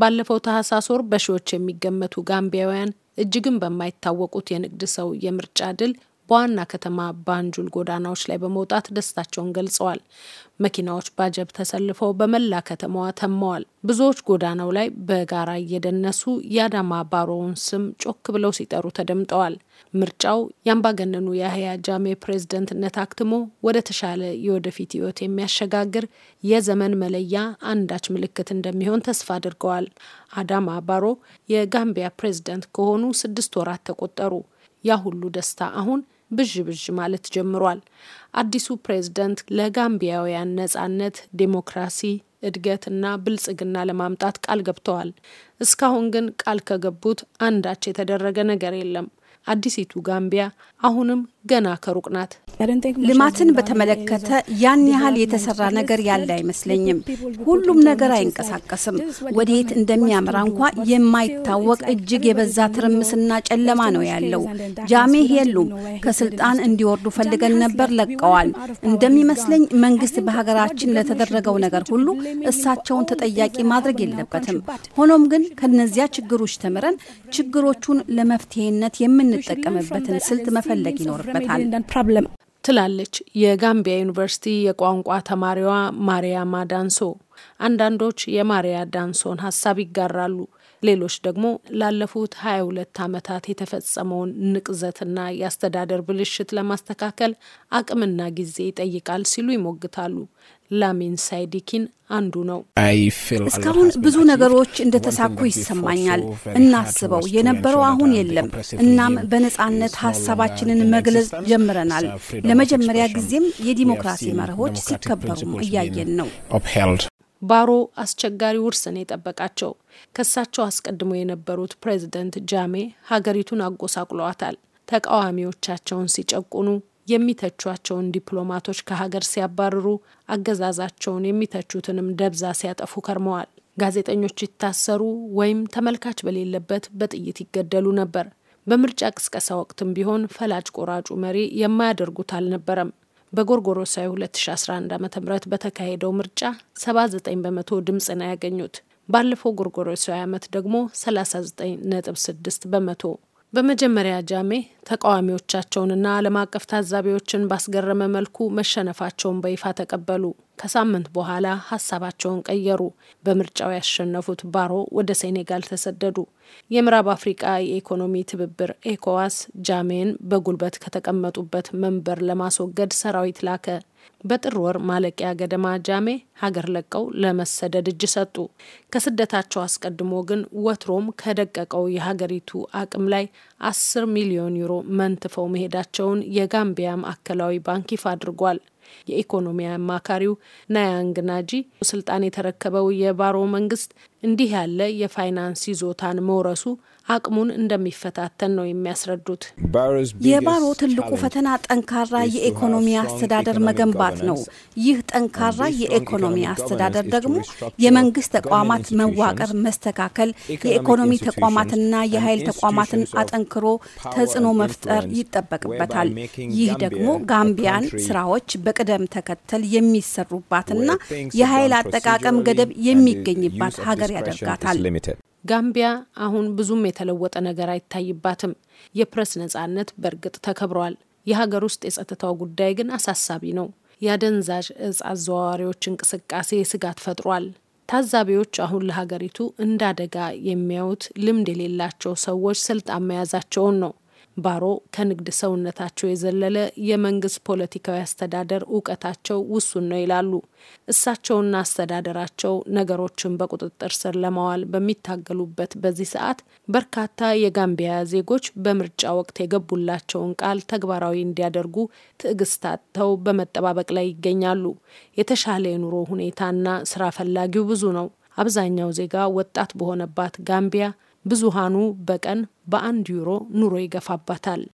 ባለፈው ታህሳስ ወር በሺዎች የሚገመቱ ጋምቢያውያን እጅግን በማይታወቁት የንግድ ሰው የምርጫ ድል በዋና ከተማ ባንጁል ጎዳናዎች ላይ በመውጣት ደስታቸውን ገልጸዋል። መኪናዎች ባጀብ ተሰልፈው በመላ ከተማዋ ተመዋል። ብዙዎች ጎዳናው ላይ በጋራ እየደነሱ የአዳማ ባሮውን ስም ጮክ ብለው ሲጠሩ ተደምጠዋል። ምርጫው የአምባገነኑ ያህያ ጃሜ ፕሬዝደንትነት አክትሞ ወደ ተሻለ የወደፊት ሕይወት የሚያሸጋግር የዘመን መለያ አንዳች ምልክት እንደሚሆን ተስፋ አድርገዋል። አዳማ ባሮ የጋምቢያ ፕሬዝደንት ከሆኑ ስድስት ወራት ተቆጠሩ። ያ ሁሉ ደስታ አሁን ብዥ ብዥ ማለት ጀምሯል። አዲሱ ፕሬዝደንት ለጋምቢያውያን ነጻነት፣ ዴሞክራሲ፣ እድገት እና ብልጽግና ለማምጣት ቃል ገብተዋል። እስካሁን ግን ቃል ከገቡት አንዳች የተደረገ ነገር የለም። አዲሲቱ ጋምቢያ አሁንም ገና ከሩቅ ናት። ልማትን በተመለከተ ያን ያህል የተሰራ ነገር ያለ አይመስለኝም። ሁሉም ነገር አይንቀሳቀስም። ወዴት እንደሚያምራ እንኳ የማይታወቅ እጅግ የበዛ ትርምስና ጨለማ ነው ያለው። ጃሜህ የሉም። ከስልጣን እንዲወርዱ ፈልገን ነበር፣ ለቀዋል። እንደሚመስለኝ መንግስት በሀገራችን ለተደረገው ነገር ሁሉ እሳቸውን ተጠያቂ ማድረግ የለበትም። ሆኖም ግን ከነዚያ ችግሮች ተምረን ችግሮቹን ለመፍትሄነት የምንጠቀምበትን ስልት መፈለግ ይኖርበታል። ትላለች የጋምቢያ ዩኒቨርሲቲ የቋንቋ ተማሪዋ ማሪያማ ዳንሶ። አንዳንዶች የማሪያ ዳንሶን ሀሳብ ይጋራሉ። ሌሎች ደግሞ ላለፉት 22 ዓመታት የተፈጸመውን ንቅዘትና የአስተዳደር ብልሽት ለማስተካከል አቅምና ጊዜ ይጠይቃል ሲሉ ይሞግታሉ። ላሚን ሳይዲኪን አንዱ ነው። እስካሁን ብዙ ነገሮች እንደተሳኩ ይሰማኛል። እናስበው የነበረው አሁን የለም። እናም በነጻነት ሀሳባችንን መግለጽ ጀምረናል። ለመጀመሪያ ጊዜም የዲሞክራሲ መርሆች ሲከበሩም እያየን ነው። ባሮ አስቸጋሪ ውርስ ነው የጠበቃቸው። ከሳቸው አስቀድሞ የነበሩት ፕሬዚደንት ጃሜ ሀገሪቱን አጎሳቁለዋታል። ተቃዋሚዎቻቸውን ሲጨቁኑ፣ የሚተቿቸውን ዲፕሎማቶች ከሀገር ሲያባርሩ፣ አገዛዛቸውን የሚተቹትንም ደብዛ ሲያጠፉ ከርመዋል። ጋዜጠኞች ይታሰሩ ወይም ተመልካች በሌለበት በጥይት ይገደሉ ነበር። በምርጫ ቅስቀሳ ወቅትም ቢሆን ፈላጭ ቆራጩ መሪ የማያደርጉት አልነበረም። በጎርጎሮሳዊ 2011 ዓ ም በተካሄደው ምርጫ 79 በመቶ ድምፅን ያገኙት ባለፈው ጎርጎሮሳዊ ዓመት ደግሞ 39.6 በመቶ። በመጀመሪያ ጃሜ ተቃዋሚዎቻቸውንና ዓለም አቀፍ ታዛቢዎችን ባስገረመ መልኩ መሸነፋቸውን በይፋ ተቀበሉ። ከሳምንት በኋላ ሀሳባቸውን ቀየሩ። በምርጫው ያሸነፉት ባሮ ወደ ሴኔጋል ተሰደዱ። የምዕራብ አፍሪቃ የኢኮኖሚ ትብብር ኤኮዋስ ጃሜን በጉልበት ከተቀመጡበት መንበር ለማስወገድ ሰራዊት ላከ። በጥር ወር ማለቂያ ገደማ ጃሜ ሀገር ለቀው ለመሰደድ እጅ ሰጡ። ከስደታቸው አስቀድሞ ግን ወትሮም ከደቀቀው የሀገሪቱ አቅም ላይ አስር ሚሊዮን ዩሮ መንትፈው መሄዳቸውን የጋምቢያ ማዕከላዊ ባንክ ይፋ አድርጓል። የኢኮኖሚ አማካሪው ናያንግ ናጂ ስልጣን የተረከበው የባሮ መንግስት እንዲህ ያለ የፋይናንስ ይዞታን መውረሱ አቅሙን እንደሚፈታተን ነው የሚያስረዱት። የባሮ ትልቁ ፈተና ጠንካራ የኢኮኖሚ አስተዳደር መገንባት ነው። ይህ ጠንካራ የኢኮኖሚ አስተዳደር ደግሞ የመንግስት ተቋማት መዋቅር መስተካከል፣ የኢኮኖሚ ተቋማትና የኃይል ተቋማትን አጠንክሮ ተጽዕኖ መፍጠር ይጠበቅበታል። ይህ ደግሞ ጋምቢያን ስራዎች በቅደም ተከተል የሚሰሩባትና የኃይል አጠቃቀም ገደብ የሚገኝባት ሀገር ያደርጋታል። ጋምቢያ አሁን ብዙም የተለወጠ ነገር አይታይባትም። የፕረስ ነጻነት በእርግጥ ተከብሯል። የሀገር ውስጥ የጸጥታው ጉዳይ ግን አሳሳቢ ነው። የአደንዛዥ እጽ አዘዋዋሪዎች እንቅስቃሴ ስጋት ፈጥሯል። ታዛቢዎች አሁን ለሀገሪቱ እንደ አደጋ የሚያዩት ልምድ የሌላቸው ሰዎች ስልጣን መያዛቸውን ነው። ባሮ ከንግድ ሰውነታቸው የዘለለ የመንግስት ፖለቲካዊ አስተዳደር እውቀታቸው ውሱን ነው ይላሉ። እሳቸውና አስተዳደራቸው ነገሮችን በቁጥጥር ስር ለማዋል በሚታገሉበት በዚህ ሰዓት በርካታ የጋምቢያ ዜጎች በምርጫ ወቅት የገቡላቸውን ቃል ተግባራዊ እንዲያደርጉ ትዕግስት አጥተው በመጠባበቅ ላይ ይገኛሉ። የተሻለ የኑሮ ሁኔታና ስራ ፈላጊው ብዙ ነው። አብዛኛው ዜጋ ወጣት በሆነባት ጋምቢያ ብዙሃኑ በቀን በአንድ ዩሮ ኑሮ ይገፋባታል።